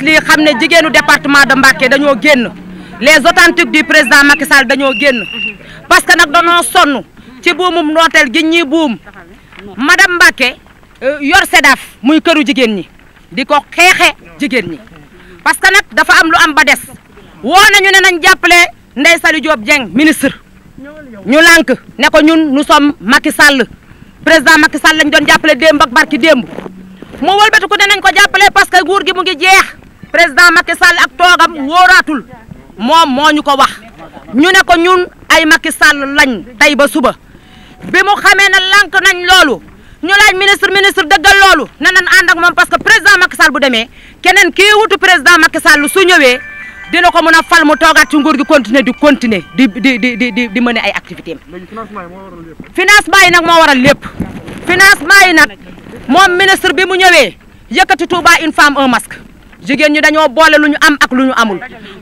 gis lii xam ne jigéenu département de Mbacké dañoo génn les authentiques du président Macky Sall dañoo génn parce que nag dañoo sonn ci buumum nooteel gi ñi buum madame Mbacké euh, yor sedaf muy këru jigéen ñi di ko xeexe jigéen ñi parce que nag dafa am lu am ba des woo nañu ne nañ jàppale Ndeye Saly Diop Dieng ministre ñu lànk ne ko ñun nous sommes Macky Sall président Macky Sall lañ doon jàppale démb ak barki démb mu wëlbatiku ne nañ ko jàppale parce que nguur gi mu ngi jeex président Macky Sall ak toogam wóoraatul moom moo ñu ko wax ñu ne ko ñun ay Macky Sall lañ tey ba suba bi mu xamee ne lànk nañ loolu ñu laaj ministre ministre dëggal loolu ne nañ ànd ak moom parce que président Macky Sall bu demee keneen kii wutu président Macky Sall su ñëwee dina ko mën a fal mu toogaat ci nguur gi continuer di continuer di di di di di mener ay activités financement yi nag moo waral lépp financement yi nag moom ministre bi mu ñëwee yëkkati Touba une femme un masque jigéen ñi dañoo boole lu ñu am ak lu ñu amul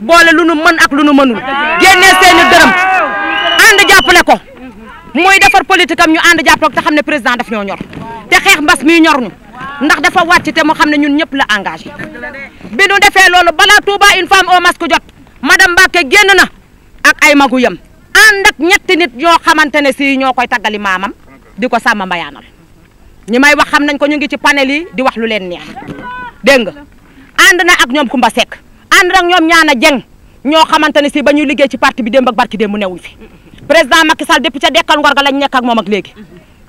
boole lu ñu mën ak lu ñu mënul génnee seeni dërëm ànd jàppale ko muy defar politique am ñu ànd jàppale ko te xam ne président daf ñoo ñor te xeex mbas mi ñor ñu ndax dafa wàcc te mu xam ne ñun ñëpp la engagé bi nu defee loolu balaa Touba une femme au masque jot madame Mbacke génn na ak ay magu yam ànd ak ñetti nit ñoo xamante ne si ñoo koy taggali maamam di ko sàmm mbayaanal ñi may wax xam nañ ko ñu ngi ci panel yi di wax lu leen neex dégg nga ànd na ak ñoom Kumba Seck ànd ak ñoom ñaana jeng ñoo xamante ne si ba ñuy liggéey ci parti bi dem ba barki démb newuñ fi président Macky Sall depuis ca dekkal ngor ga lañ nekk ak moom ak léegi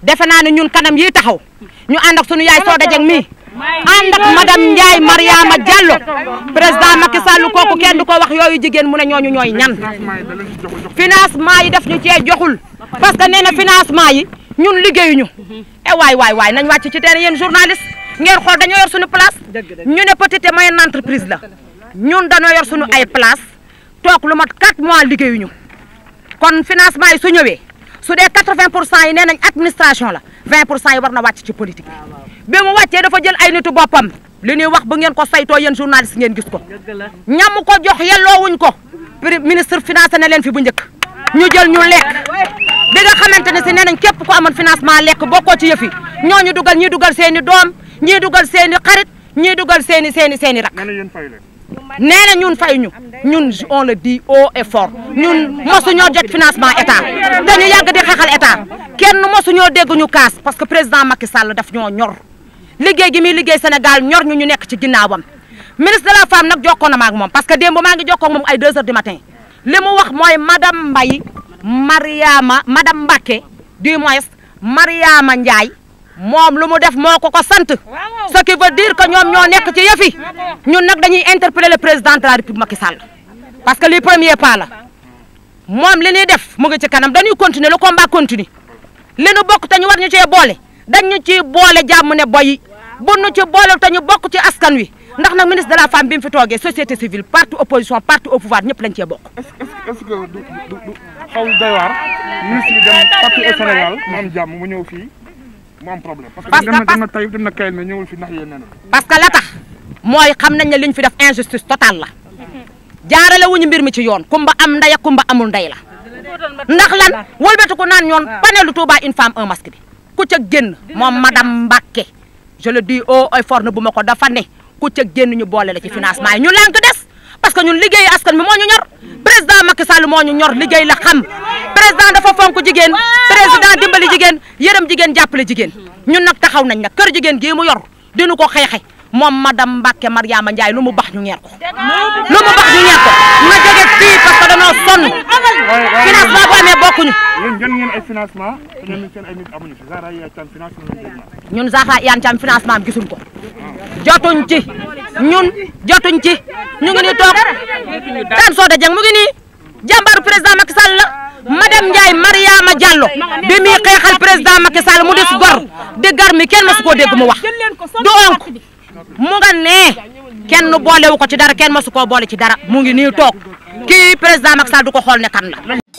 defe naa ne ñun kanam yi taxaw ñu ànd ak sunu yaay Soda Dieng mii ànd ak madame Ndiaye Mariama Diallo président Macky Sall kooku kenn du ko wax yooyu jigéen mu ne ñooñu ñooy ñan financement yi def ñu cee joxul parce que nee na financement yi ñun liggéeyuñu e waay waay waay nañ wàcc ci teen yéen journaliste ngeen xool dañoo yor suñu place ñu ne petite moyenne entreprise la ñun dañoo yor suñu ay place toog lu mat 4 mois ñu kon financement yi su ñëwee su dee 80 pour cent yi nee nañ administration la 20 pour cent yi war na wàcc ci politique ah, bi mu wàccee dafa jël ay nitu boppam li ñuy wax bu ngeen ko saytoo yéen journaliste ngeen gis ko ñam ko jox yelloowuñ ko ministre financé na leen fi bu njëkk ñu jël ñu lekk bi nga xamante ne si nee nañ képp ku amoon financement lekk bokkoo ci yëf yi ñooñu dugal ñi dugal seeni doom ñii dugal seeni xarit ñii dugal seeni i seen i seen i rak nee na ñun fay ñu ñun on le dit haut et fort ñun mosuñoo jot financement état ñu yàgg di xeexal état kenn mosuñoo dégg ñu kaas parce que président Macky Sall daf ñoo ñor liggéey gi muy liggéey Sénégal ñor ñu ñu nekk ci ginnaawam. ministre de la femme nag jokkoon na ma moom parce que démb maa ngi jokkoo ak moom ay 2 heures du matin li mu wax mooy madame Mbaye Mariama madame Mbacké du moins Mariama Ndiaye moom lu mu def moo ko ko sant ce qui veut dire ka ñoom ñoo nekk ci yëfi ñun nag dañuy interpeller le président de la république Macky Sall parce que lii premier pas la moom li ñuy def mu ngi ci kanam dañuy continuer le combat continue li nu bokk te ñu war ñu cee boole ñu ciy boole jàmm ne boyi bu nu ci boole ta ñu bokk ci askan wi ndax nag ministre de la femme bi mu fi toogee société civile parti opposition parti au pouvoir ñëpp lañ cee bokk. est ce que du du xaw doy waar ministre bi jàmm mu ñëw fii. mu am problème parce que dem na Taïf mooy xam nañ ne liñ fi def injustice totale la jaarale ñu mbir mi ci yoon kumba am ndey ak kumba amul ndey la ndax lan wëlbatiku naan ñoon panelu Touba une femme un masque bi ku ca génn moom madame Mbacke je le dis haut et fort bu ma ko dafa ne ku ca génn ñu boole la ci financement yi ñu lànk des parce que ñun liggéey askan mi moo ñu ñor président Macky Sall moo ñu ñor liggéey la xam président dafa fonk jigéen président dimbali jigéen yërëm jigéen jàppale jigéen ñun nag taxaw nañ nag kër jigéen gii mu yor dinu ko xeexi moom madame Mbacke Mariama Ndiaye lu mu bax lu mu bax ñu ñeer ko na jóge fii parce que danoo sonn financement bu amee bokkuñu yéen jël ngeen ñun seen ay nit financement ñun Zahra Iyane ko jotuñ ci ñun jotuñ ci ñu ngi nii tan soo da mu ngi nii président Macky Sall madame Ndiaye Mariama Diallo bi muy xeexal président Macky Sall mu des gor di gar mi kenn masu koo dégg mu wax donc mu nga nee kenn boolewu ko ci dara kenn masu koo boole ci dara mu ngi nii toog kii président Macky Sall du ko xool ne kan la